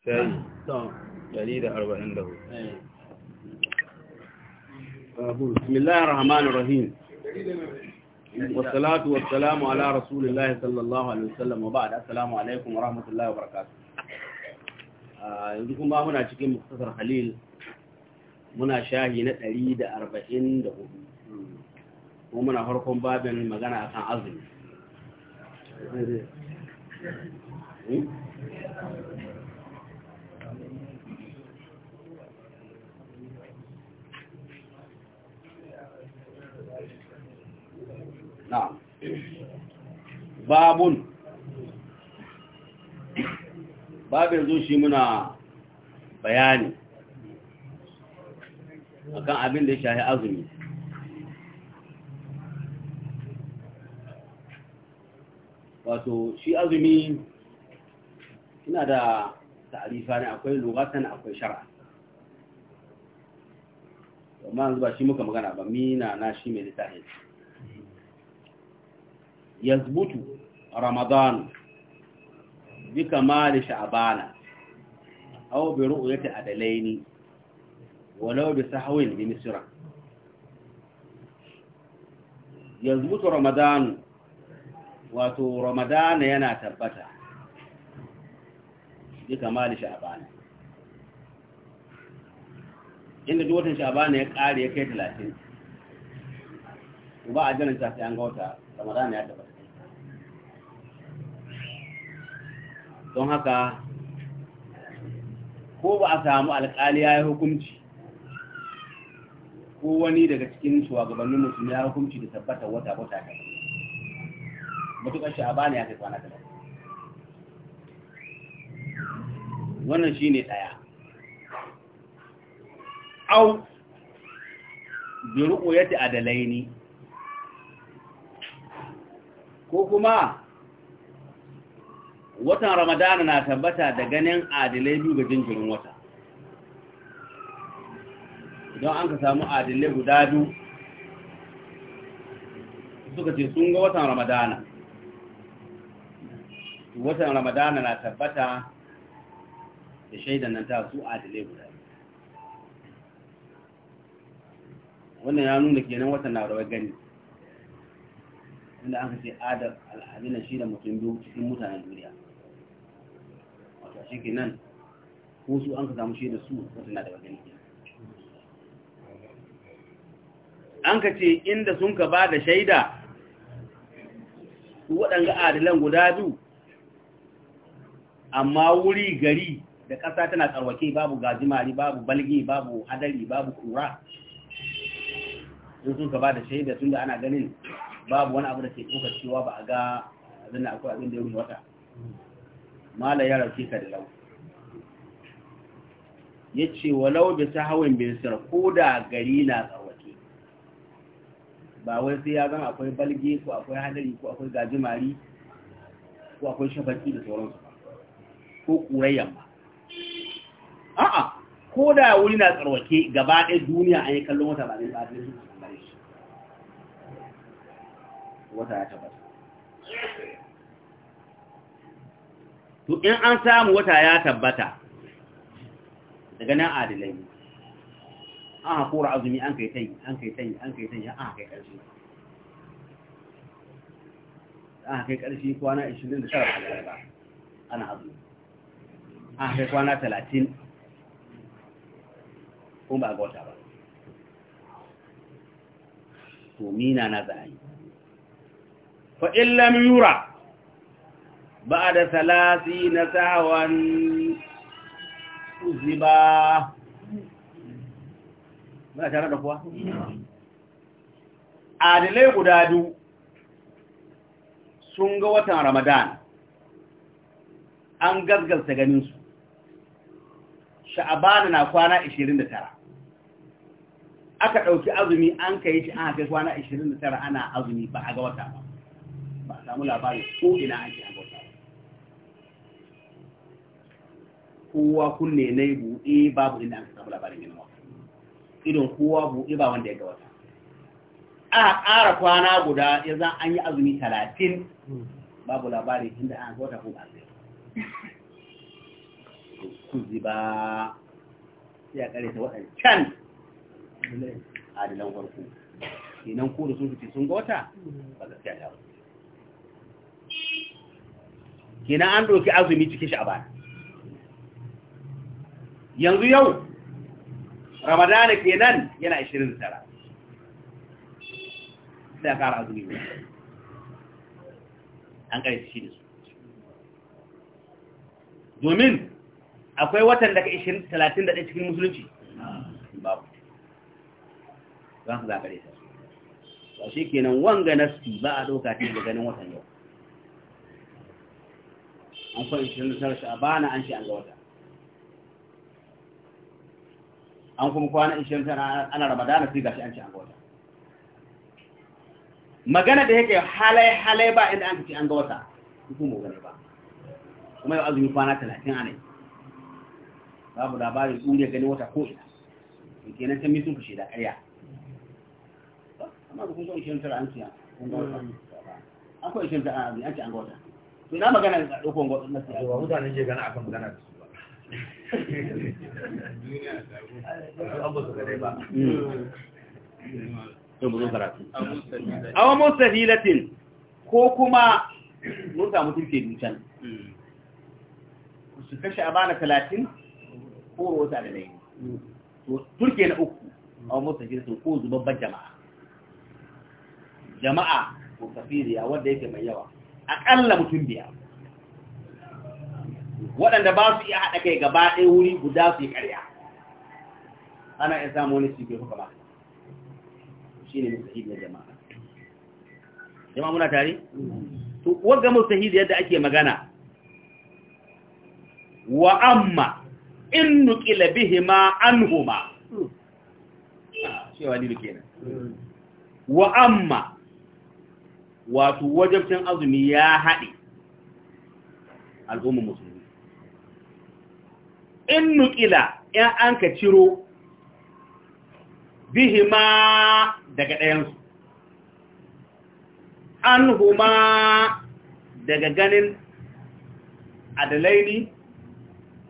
shayi wasalatu wasalamu ala rasulillahi sallallahu alaihi wasallam wa ba'da assalamu alaikum wa rahmatullahi wa barakatuh ah, yanzu kuma muna cikin muktasar halil muna shahi na ɗari da arba'in da hudu kuma muna farkon babin magana akan azumi eh. hmm? babun babu yanzu shi muna bayani akan abin da ya shahi azumi wato shi azumi ina da ta'arifa ne akwai lugatan akwai shara amma yanzu shi muka magana ba mina na shi mai littafi يثبت رمضان بكمال شعبان أو برؤية عدلين ولو بسحو بمصر يثبت رمضان wato ramadana yana tabbata bi kamali inda duk watan Sha'abana ya kare ya kai 30 ba a janar ta sai an ga ya tabbata don haka ko ba a samu alƙali ya yi hukunci ko wani daga cikin shugabannin musulmi ya hukunci da tabbata wata wata ta matuƙar sha'aba ne ya kai kwana talatin wannan shi ne ɗaya au bi adalai ne ko kuma watan ramadana na tabbata da ganin adilai biyu ga jinjirin wata idan an ka samu adilai guda biyu suka ce sun ga watan ramadana watan ramadana na tabbata da shaidan nan ta su adilai guda wannan ya nuna kenan watan na rawar gani inda ka ce adar al'adunan shi da mutum biyu cikin mutanen duniya shi ke nan ko su an ka samu shi da su wata na da gani an ka ce inda sun ka ba da shaida su waɗanga adalan guda biyu amma wuri gari da ƙasa tana tsarwake babu gajimari babu balge, babu hadari babu kura sun sun ka ba da shaida tun da ana ganin babu wani abu da ke tsokacewa ba a ga zana akwai abin da ya wata mala ya rauke ka da lau ya ce walau da ta hawan binsir ko da gari na tsawaki ba wai sai ya zan akwai balge ko akwai hadari ko akwai gajimari ko akwai shafaki da sauransu ko kurayyan ba a'a ko da wuri na tsarwake gaba ɗaya duniya an yi kallon wata ba ɗin tsadin su wata ya tabbata to in an samu wata ya tabbata daga nan adilai ne an haƙura azumi an kai tanyi an kai tanyi an kai tanyi an kai ƙarshe an kai ƙarshe kwana 29 al'arba ana azumi an kai kwana 30 kuma ba ga wata ba to mina na za'ayi a fa'in yura بعد ثلاثين سعوا كذبا ba tare da kuwa adilai guda biyu sun ga watan ramadan an gasgalta ganinsu sha'abana na kwana 29 aka ɗauki azumi an ka yi shi an haka kwana 29 ana azumi ba a ga wata ba ba samu labarin ko ina ake kowa kunne na yi buɗe babu inda aka samu labarin yin wata idon kowa buɗe ba wanda ya ga wata a ƙara kwana guda ya zan an yi azumi talatin babu labarin inda an ga wata ko ba zai zi ba sai a ƙare ta waɗancan adilan farko kenan ko da sun fice sun ga wata ba gaskiya ta wasu, kenan an ɗauki azumi cikin sha'abana yanzu yau ramadana nan yana 29 sai ƙara azumi ne an ƙarfi shi da su domin akwai watan daga 31 cikin musulunci babu za su zaɓare ta ba shi kenan wanga na su ba a ɗauka ce da ganin watan yau an kwa 29 sha'abana an shi an ga wata an kuma kwana 20 tana ana ramadana sai gashi an ci an gota magana da yake halai halai ba inda an ci an gota wata kuma gane ba kuma yau azumi kwana 30 ana babu labarin tsure gani wata ko ina kenan ta sun fushe da ƙarya amma da kun zo 20 tara an ci an gota wata hmm. akwai 20 tara an ci an gota wata to ina magana da ɗaukon gwamnati wa mutane ke gana akan magana da su Musa hilatin ko kuma mun mutum ke ducan su kashe a bana talatin ko rota da layi turke na uku awon hilatin ko zubabban jama'a jama'a ko kafiriya wanda yake mai yawa aƙalla mutum biyar waɗanda ba su iya haɗa kai gaba ɗaya wuri guda su yi ƙarya ana iya samu wani cikin kuka ba shi ne mustahid na jama'a jama'a muna tare? to wagga mustahid yadda ake magana wa amma in nukila ma bihima anhuma cewa ni kenan wa amma wato wajabcin azumi ya haɗe al'ummar musulmi in nukila ya an ka ciro bihima daga ɗayansu, an huma daga ganin adalaini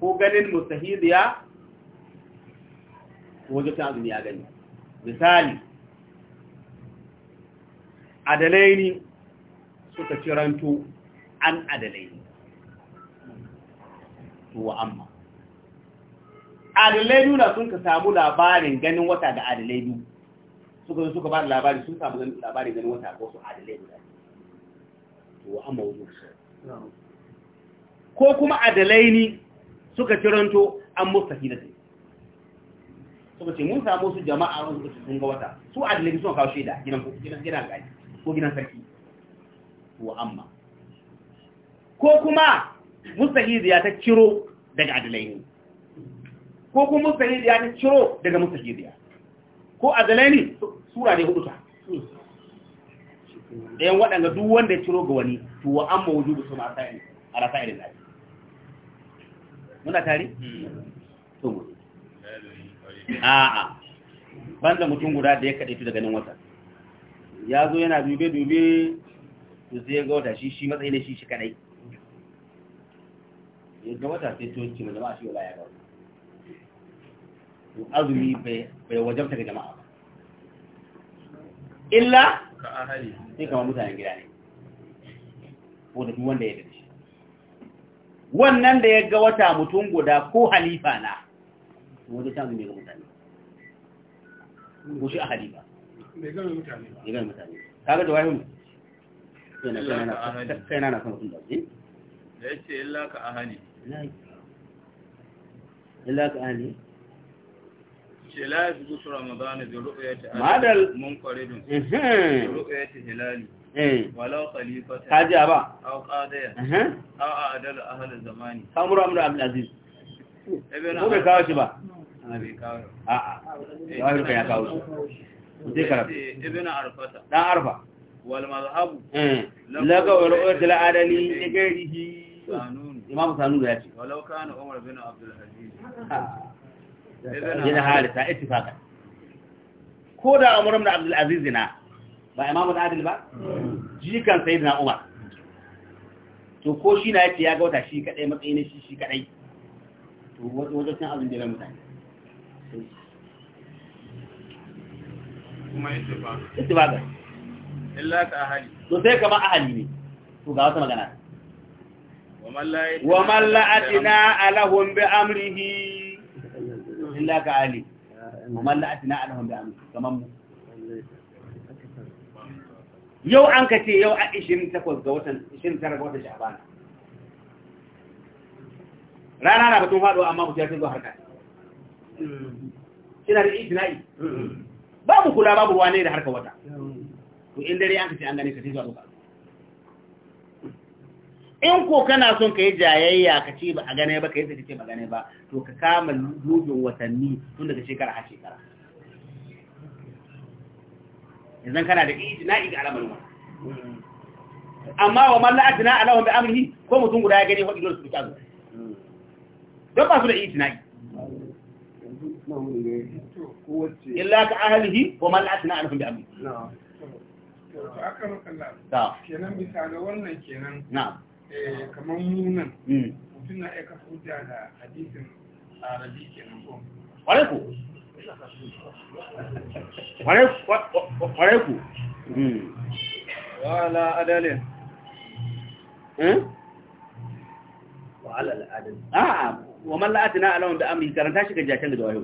ko ganin ko wajen ta azumi ya gani. Misali, adalaini suka ciranto an adalaini, to amma. adalai nuna sun ka samu labarin ganin wata da adalai biyu suka zo suka ba da labari sun samu labarin ganin wata ko su adalai biyu. to amma wuzu ko kuma adalai ni suka ciranto an mustafi da sai suka ce mun samu su jama'a a suka sun ga wata su adalai suna kawo shaida gidan gidan ko gidan sarki to amma ko kuma mustahi ya ta ciro daga adalai ne ko kuma mustahil ya ta ciro daga mustahil jiriya ko a zalani sura ne hudu ta ɗayan waɗanda duk wanda ya ciro ga wani to an ma da su ma a rasa irin lafi muna tare? A'a ban da mutum guda da ya kaɗe tu daga nan wata ya zo yana dube-dube to sai ya ga wata shi shi matsayi na shi shi kaɗai ya wata sai to ce ma jama'a shi wala ya ga azumi bai wajabta ga jama'a ba illa sai kama mutanen gida ne ko da wanda ya dace wannan da ya ga wata mutum guda ko halifa na wajen ta azumi ga mutane ko shi a halifa bai gami mutane ka gami mutane kaga da wahimu sai na na kan mutum da zai da ya ce illa ka ahali illa ka ahali ce Ka ya su bi ru'yati madal ru'yati eh. ba aw qadaya aw adal ahli zamani kamru amru abdul aziz ko bai kawo shi ba bai kawo a a ya kawo shi mutai karatu Na arfata dan arfa wal mazhabu eh. laga wa ru'yati al adali ligarihi imam sanun ya ce walau kana umar bin abdul aziz bin harisa ittifaqan ko da umar ibn abdul aziz na ba imamu adil ba jikan sayyidina umar to ko shi na yace ya ga wata shi kadai matsayin shi shi kadai to wato san abin da ya mutane kuma ittifaqan ittifaqan illa ta ahali to sai kama ahali ne to ga wata magana wa man la alahum bi amrihi illa ka ali mu yau an ka ce yau a 28 ga watan 29 ga watan sha'ban rana na batun faɗo amma ku ce zuwa harka ina da ba babu kula babu ruwa ne da harka wata to in dare an ka ce an gane ka sai zuwa in ko kana son ka yi jayayya ka ce ba a gane ba ka yi zai ce ba gane ba to ka kama dubin watanni tun daga shekara a shekara idan kana da na ga alamar wani amma wa malla ajina alawar da amrihi ko mutum guda ya gani hudu dole su fita zo don ba su da na yi illa ka a wa malla ajina alahum bi amrihi na'am to aka kenan bisa wannan kenan na'am Eh, kamar munan hmm. mutum na aika hujja da hadisin arabi kenan ko ware ku ware ku wala hmm. adalin eh? wa ala al'adil a'a wa man la'atina alawun da amri karanta shi ga jakan da wayo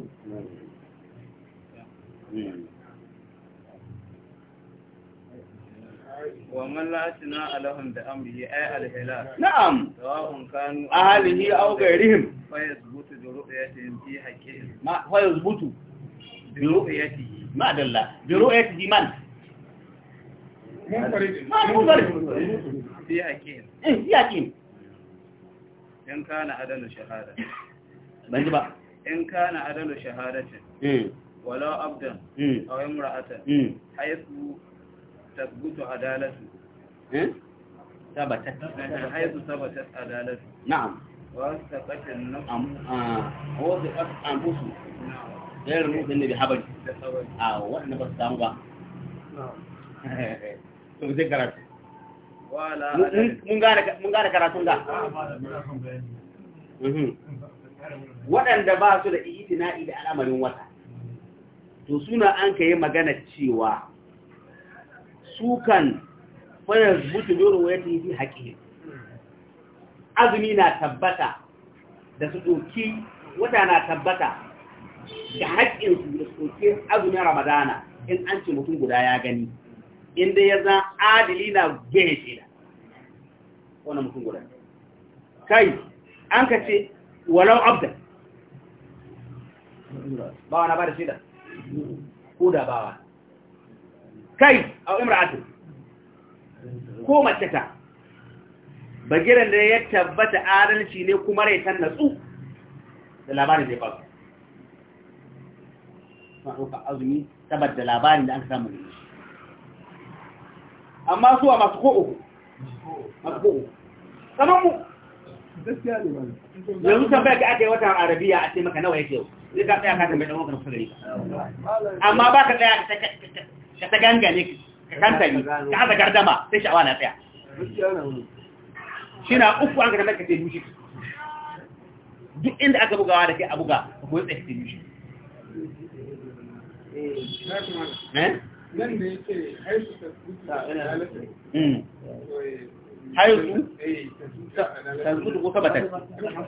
ومن لا أثناء لهم بأمره أي الهلاك نعم سواء كانوا أهله أو غيرهم فيثبت برؤيتهم في حقهم ما فيثبت برؤيته ما دل برؤيته من منفرد ما منفرد في حقهم في حقهم إن كان عدل شهادة بنجبا إن كان عدل شهادة ولو عبدا أو امرأة حيث تثبت عدالته ثبتت حيث ثبتت عدالته نعم وثبت النفس نعم غير بحبل اه واحنا بس waɗanda ba su da itina'i da al'amarin wata to suna an ka yi magana cewa sukan fayar butu doro ya ta yi haƙi azumi na tabbata da su ɗoki wata na tabbata da su da su ɗoki azumin ramadana in an ce mutum guda ya gani inda ya zan adili na gane da wani mutum guda kai an ka ce walau abdan ba wani ba da shida ko da bawa kai a imra'atu ko mace ta bagiran da ya tabbata adalci ne kuma rai tan natsu da labarin da ya faru ma ɗauka azumi saboda labarin da aka samu da shi amma suwa masu ko'o masu ko'o saman mu yanzu tambaya ka aka yi watan arabiya a ce maka nawa yake yau zai ka tsaya ka tambayi ɗan wakar musulmi amma ba ka tsaya ka ka ta gangane ka kantari ka haɗa gardama sai sha'awa na tsaya shi na uku an gardama ka mushi duk inda aka bugawa da kai a buga ka koyi tsaye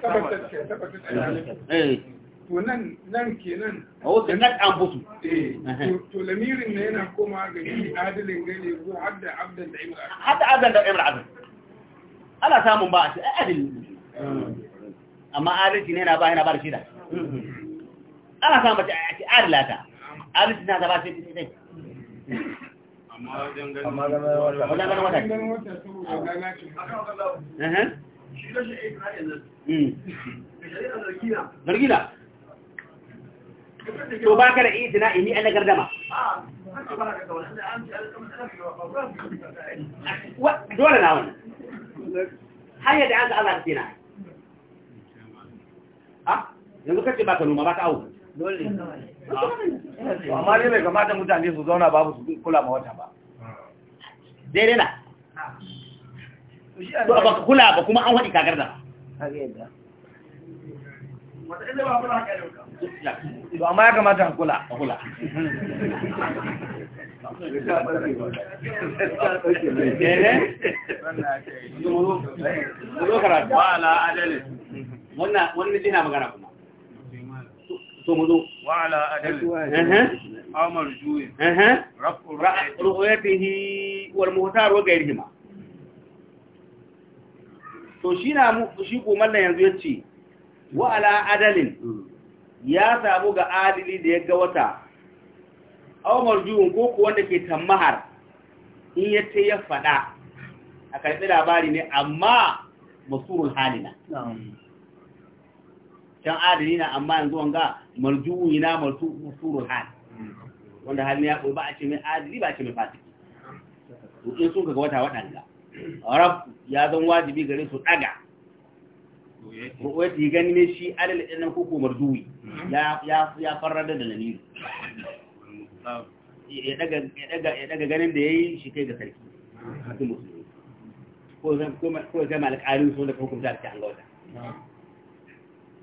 ka ce mushi to nan nan kenan a wasu nan an busu to lamirin na yana koma ga shi adalin gane ko hadda abdan da imra hadda abdan da imra abdan ana samun ba a ce adalin amma adalci ne na ba yana ba da shida ana samun ba a ce adalata adalci na ta ba shi ne amma wajen ganin wata ganin wata saboda lalacin shi rashin aikata yanzu zargina to ba ka da itina ini an gardama dole na hanyar da an tina ha yanzu ba ka noma ba ka amma kamata mutane su zauna babu su kula ma wata ba daidai na to ba ka kula ba kuma an waɗi kagar da ba wata ba kula ka to amma ya kamata a kula a kula wannan ina magana kuma so mu zo adalin عمر جوي رؤيته والمختار وغيرهما shi na shi yanzu ya ce wa ala adalin hmm. ya samu ga adili da ya ga wata aw marjuun ko ko wanda ke tammahar in ya ce ya fada a karbi labari ne amma masurul halina can adili na amma yanzu wanga marjuun na masurul hal wanda hali ya ko ba a ce mai adili ba a ce mai fasiki to in sun ga wata waɗanda rab ya zan wajibi gare su daga ru'yati gani ne shi alal ɗin nan ko marduwi ya ya ya farrada da dalilin ya daga ganin da ya yi shi kai ga sarki ko zan ko ko zan malik alim sun da hukunta ta an gauta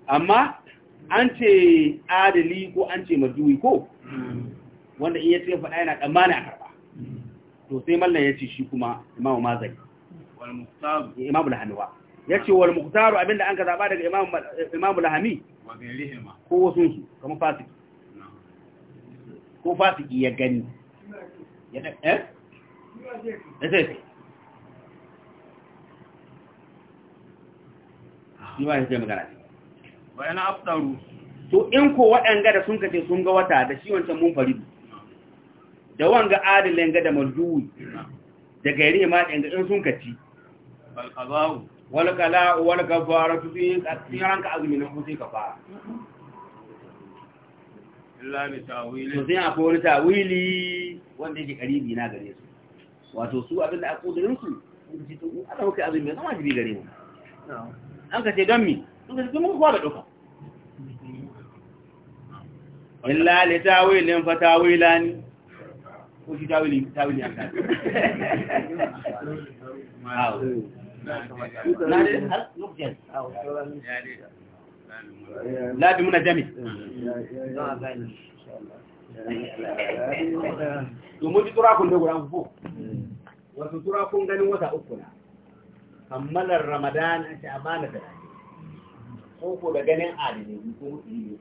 amma an ce adali ko an ce marduwi ko wanda in ya ce faɗa yana tsammani a karɓa to sai mallan ya ce shi kuma imamu mazari imamu da hannuwa yace wal muqtaru abinda an ka zaba daga imamu lahami ko wasun su kamar fasiki ko fasiki ya gani ya da eh sai shi ba shi magana aftaru to in ko waɗanga da sun kace sun ga wata da shi wancan mun faridu da wanga adalin ga da marjuwi da gairihima ma ga in sun kaci wal kala wal kafara tu sun ka ranka azumi nan sai kafara illa bi tawili to sai akwai wani tawili wanda yake karibi na gare su wato su abin da aku durin su sun ce to Allah kai azumi nan wajibi gare mu an ka ce don mi sun ka ce mun kwa da duka illa li tawilin fa tawilani ko shi tawili tawili an ka la bi muna jami domin ji turakun da guran fufo wasu ganin wata uku na ramadan a ce amana da ko ko da ganin adalai ko mutum ne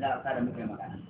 da da muka magana